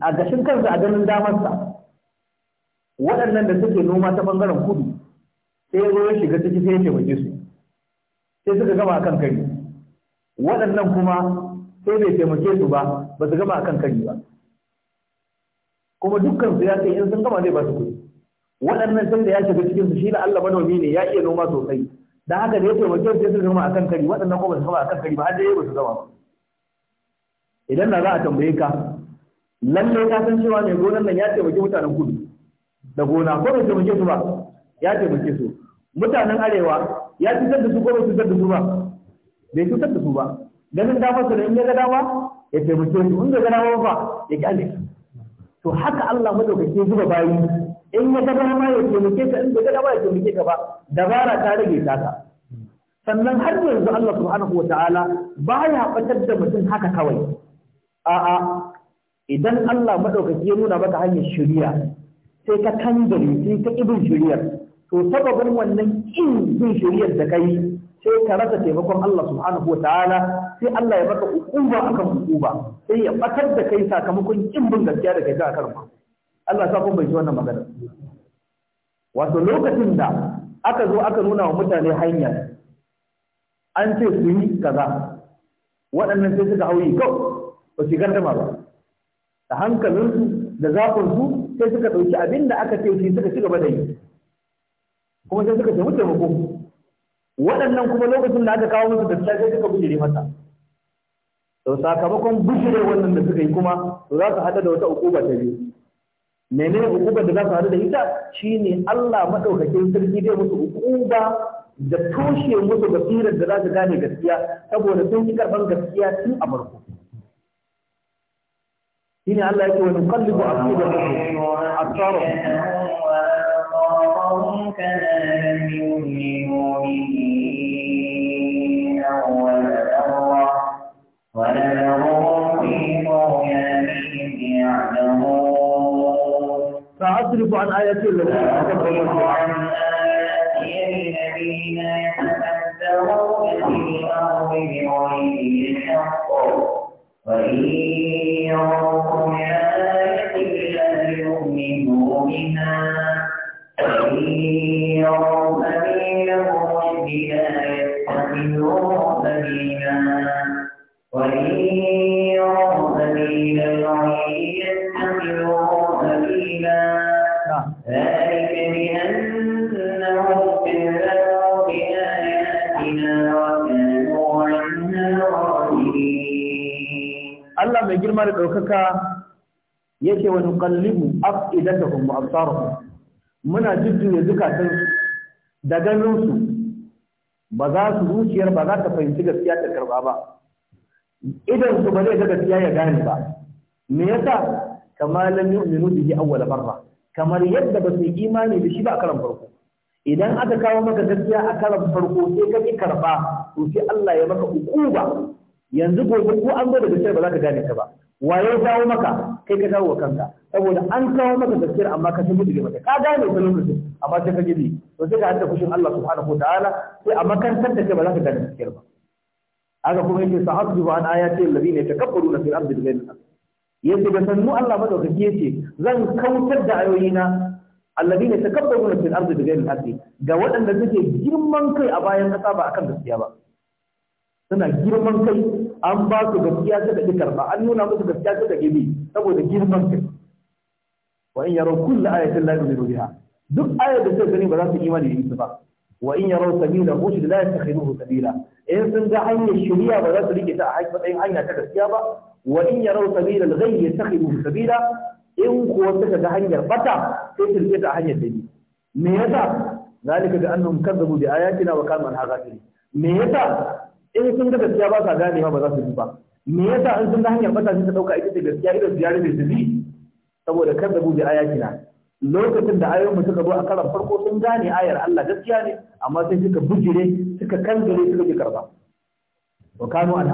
a gashin kansa a ganin damarsa waɗannan da suke noma ta ɓangaren kudu sai zo ya shiga ciki sai ya taimake su sai suka gama akan kari waɗannan kuma sai bai taimake su ba ba su gama akan kari ba kuma dukkan su ya in sun gama zai ba su kuɗi waɗannan sun da ya shiga cikin su shi da Allah manomi ne ya iya noma sosai da haka da ya taimake su sai suka gama akan kari waɗannan kuma ba su gama akan kari ba har dai ba su gama ba idan na za a tambaye ka lalle ka san cewa mai gonan nan ya taimaki mutanen kudu da gona ko bai taimake su ba ya taimake su mutanen arewa ya cutar da su ko bai cutar da su ba bai cutar da su ba ganin dama su ne in ya ga dama ya taimake su in ga dama ba ya ki kyale to haka Allah madaukake zuba bayi in ya ga dama ya taimake ka in ga dama ya taimake ka ba dabara ta rage taka sannan har yanzu Allah subhanahu wata'ala ba ya batar da mutum haka kawai a'a idan Allah madaukaki ya nuna maka hanyar shari'a sai ka kangare sai ka ibin shari'ar to sababin wannan kin bin shari'ar da kai sai ka rasa taimakon Allah subhanahu wa ta'ala sai Allah ya maka ukuba akan ukuba sai ya batar da kai sakamakon kin bin gaskiya da kai ka ma. Allah sa kun bai ji wannan magana wato lokacin da aka zo aka nuna wa mutane hanya an ce su yi kaza waɗannan sai suka hauyi kau ba su gardama ba da hankalinsu da zafinsu sai suka ɗauki abin da aka ce suka ci gaba da yi kuma sai suka samu taimako waɗannan kuma lokacin da aka kawo musu gaskiya sai suka bijire masa to sakamakon bijire wannan da suka yi kuma to za su hada da wata ukuba ta biyu menene ukubar da za su hada da ita shine Allah madaukakin sarki zai musu ukuba da toshe musu basirar da za su gane gaskiya saboda sun yi karban gaskiya tun a farko shine Allah yake wa a cikin asarahum أعطاهم كما لم يؤمنوا به أول مرة فأصرف عن آية الذين أصرف عن آية الذين يتفكرون في الأرض بغير الحق وإن ɗaukaka yake wani kallibu af'idatahum wa absarahum muna jujjuya zukatan da ganinsu ba za su zuciyar ba za ta fahimci gaskiya ta karba ba idan su ba zai ga gaskiya ya gane ba me yasa kama lam yu'minu bihi awwal marra kamar yadda ba su imani da shi ba a karan farko idan aka kawo maka gaskiya a karan farko sai ka ki karba to sai Allah ya maka ukuba yanzu gobe ko an zo da gaskiya ba za ka gane ta ba waye ya dawo maka kai ka dawo wa kanka saboda an kawo maka gaskiyar amma ka san mutum mata ka gane ta lokaci amma sai ka gibi to sai ka hada kushin Allah subhanahu wa sai a makantar da kai ba za ka gane gaskiyar ba haka kuma yake sa'atu an ayati alladhina yatakabbaruna fil ardi bighayri al-haqq yace da sannu Allah madaukaki yace zan kautar da ayoyina alladhina yatakabbaruna fil ardi bighayri al-haqq ga waɗanda suke girman kai a bayan kasa ba akan gaskiya ba suna girman kai an ba su gaskiya suka ƙi karɓa an nuna musu gaskiya suka ƙi bi saboda girman kai wa in yaro kullu ayatin la yu'minu biha duk ayar da suka gani ba za su imani da ita ba wa in yaro sabila da rushd la yattakhiduhu sabila in sun ga hanyar shari'a ba za su rike ta a matsayin hanya ta gaskiya ba wa in yaro sabila da al-ghayy yattakhiduhu sabila in kuwa suka ga hanyar bata sai su rike ta a hanyar dabi me yasa zalika da annahum kazzabu bi ayatina wa kanu anha ghafirin me yasa in sun ga gaskiya ba sa gane ba za su ji ba me yasa an sun ga hanyar bata sun ta dauka ita ce gaskiya irin su yare su bi saboda kan da buje ayatina lokacin da ayoyin suka zo a karan farko sun gane ayar Allah gaskiya ne amma sai suka bujire suka kangare suka ji karba wa kanu an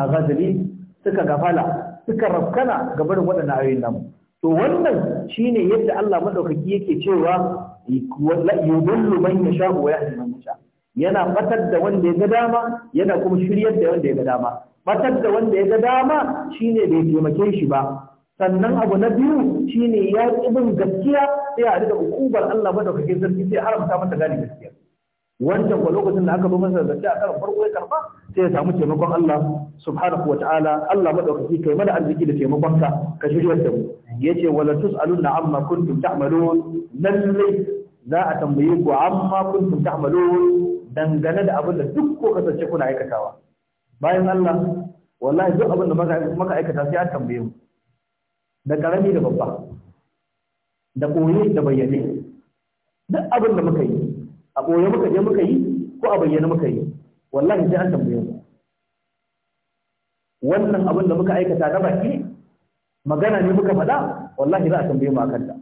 suka gafala suka rafkana ga barin waɗannan ayoyin namu to wannan shine yadda Allah madaukaki yake cewa yudullu man yasha wa yahdi man yasha yana batar da wanda ya ga dama yana kuma shiryar da wanda ya ga dama batar da wanda ya ga dama shine bai taimake shi ba sannan abu na biyu shine ya bin gaskiya sai a rika hukumar Allah madaukakin sarki sai haramta masa gane gaskiya wancan ko lokacin da aka bi masa da a karan farko ya karba sai ya samu taimakon Allah subhanahu wa ta'ala Allah madaukaki kai mana arziki da taimakonka. ka ka shirya da mu yace wala tusaluna amma kuntum ta'malun lalle za a tambaye ku amma kuntum ta'malun dangane da abin da duk ko kasance kuna aikatawa bayan Allah wallahi duk abin da muka aikata sai an tambaye mu da karami da babba da koyi da bayyane duk abin da muka yi a koyi muka je muka yi ko a bayyane muka yi wallahi sai an tambaye mu wannan abin da muka aikata na baki magana ne muka faɗa wallahi za a tambaye mu akan ta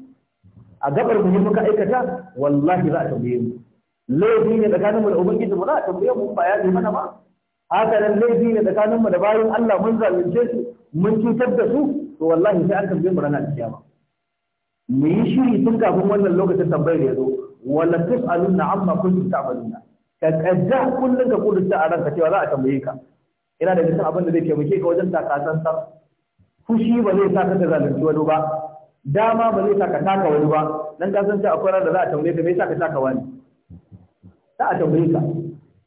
a gabar mu muka aikata wallahi za a tambaye mu laifi ne tsakaninmu mu da ubangiji mu za a tambaye mu ba ya ji mana ba haka nan laifi ne tsakaninmu mu da bayan Allah mun zalunce su mun cutar da su to wallahi sai an tambaye mu ranar kiyama mu yi shiri tun kafin wannan lokacin tambayar ya zo wala tus'alunna amma kuntum ta'maluna ka kadda kullun ka kudurta a ranka cewa za a tambaye ka ina da cikin abin da zai taimake ka wajen takasan sa fushi ba zai sa ka zalunci wani ba dama ba zai sa ka taka wani ba dan ka san cewa akwai ran da za a tambaye ka me yasa ka taka wani za a tambaye ka me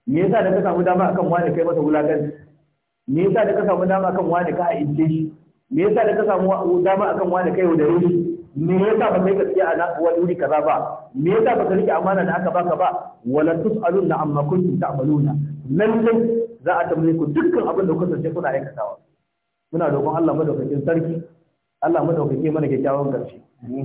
yasa da ka samu dama akan wani kai masa wulakanci me yasa da ka samu dama akan wani ka aice shi me yasa da ka samu dama akan wani kai da shi me yasa ba kai gaskiya a nasu wani wuri kaza ba me yasa ba ka rike amana da aka baka ba wala na amma kuntum ta'maluna lallai za a tambaye ku dukkan abin da kuka sace kuna aikatawa muna roƙon Allah madaukakin sarki Allah madaukake mana kyakkyawan ƙarshe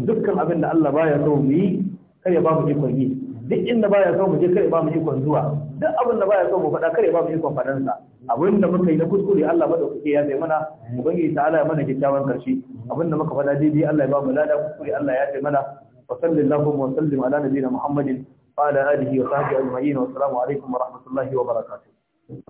dukkan abin da Allah baya so mu yi kar ya ba mu ikon yi duk inda baya so mu je kare ba mu ikon zuwa duk abin da baya so mu faɗa kare ba mu ikon faɗan sa abin da muka yi na kuskure Allah madaukake ya zai mana ubangiji ta'ala ya mana kyakkyawan karshe abin da muka faɗa daidai Allah ya ba mu lada kuskure Allah ya zai mana wa sallallahu wa sallim ala nabiyina Muhammadin wa ala alihi wa sahbihi ajma'in wa assalamu alaikum wa rahmatullahi wa barakatuh